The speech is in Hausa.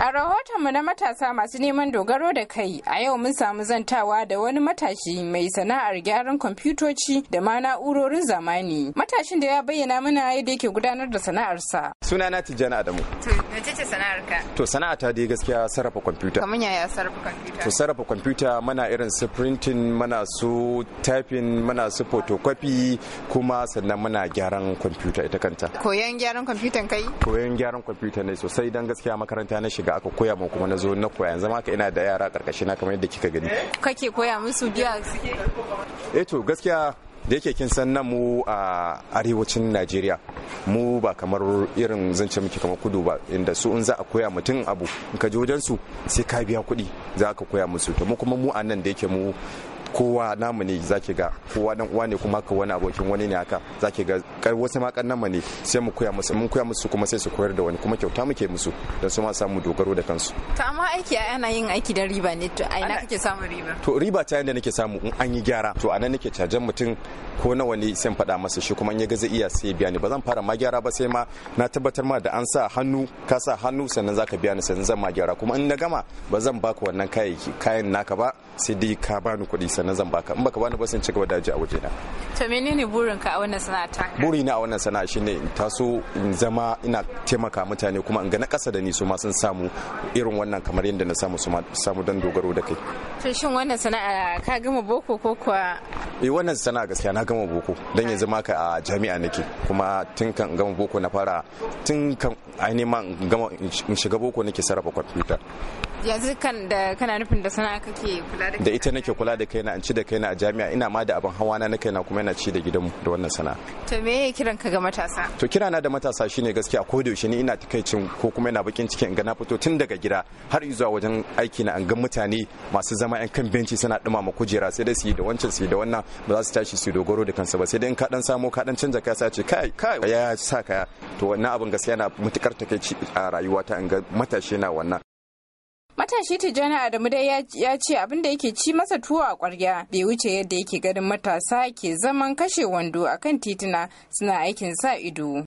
A rahotonmu na matasa masu neman dogaro da kai a yau mun samu zantawa da wani matashi mai sana'ar gyaran kwamfutoci da ma na'urorin zamani. Matashin da ya bayyana mana yadda yake gudanar da sana'arsa. Suna na Tijjani Adamu. To, mece sana'arka? To, sana'ata dai gaskiya sarrafa kwamfuta. Kamar yaya sarrafa kwamfuta? To, sarrafa kwamfuta mana irin su printing, mana su typing, mana su photocopy, kuma sannan mana gyaran kwamfuta ita kanta. Koyon gyaran kwamfutan kai? Koyon gyaran kwamfuta ne sosai don gaskiya makaranta na shiga. ga aka koya mu kuma na zo na koya yanzu haka ina da yara karkashi na kamar yadda kika gani kake koya musu biya eh to gaskiya da yake kin san nan mu a arewacin Najeriya mu ba kamar irin zance muke kamar kudu ba inda su in za a koya mutum abu in ka je wajen su sai ka biya kuɗi za ka koya musu to mu kuma mu a nan da yake mu kowa namu ne zaki ga kowa dan uwa ne kuma ka wani abokin wani ne haka zaki ga kar wasu ma kannan ne sai mu koya musu mun koya musu kuma sai su koyar da wani kuma kyauta muke musu don su ma samu dogaro da kansu to amma aiki a yana yin aiki da riba ne to a ina kake samun riba to riba ta yanda nake samu in an yi gyara to anan nake cajan mutum ko na wani sai faɗa masa shi kuma in ya ga zai iya sai biya ni ba zan fara ma gyara ba sai ma na tabbatar ma da an sa hannu ka sa hannu sannan zaka biya ni sannan zan ma gyara kuma in na gama ba zan baka wannan kayayyaki kayan naka ba sai dai ka bani kuɗi sannan zan baka in baka bani ba sai ci gaba da a waje na to menene burinka a wannan sana'a ta na a wannan sana'a shine in taso in zama ina taimaka mutane kuma in ga na ƙasa da ni su ma sun samu irin wannan kamar yadda na samu su samu dan dogaro da kai to shin wannan sana'a ka gama boko ko kuwa eh wannan sana'a gaskiya na gama boko dan yanzu ma ka a jami'a nake kuma tun kan gama boko na fara tun kan ainihin ma gama in shiga boko nake sarrafa kwamfuta yanzu kan da kana nufin da sana'a kake kula da da ita nake kula da kaina an ci da kaina a jami'a ina ma da abin hawa na kaina kuma ina ci da gidanmu da wannan sana'a to me yake kiran ka ga matasa to kirana da matasa shine gaskiya ko da yaushe ni ina takaicin ko kuma ina bakin cikin ga na fito tun daga gida har zuwa wajen aiki na an ga mutane masu zama yan kan benci suna dumama kujera sai dai su yi da wancan su da wannan ba za su tashi su dogaro da kansu ba sai dai in ka dan samo ka dan canja kai sai ce kai kai ya sa kaya to wannan abin gaskiya yana mutukar takaici a rayuwata in ga matashi na wannan Matashi Tijjani Adamu dai ya ce abin da yake ci masa tuwo a kwarya bai wuce yadda yake ganin matasa ke zaman kashe wando akan tituna suna aikin sa ido.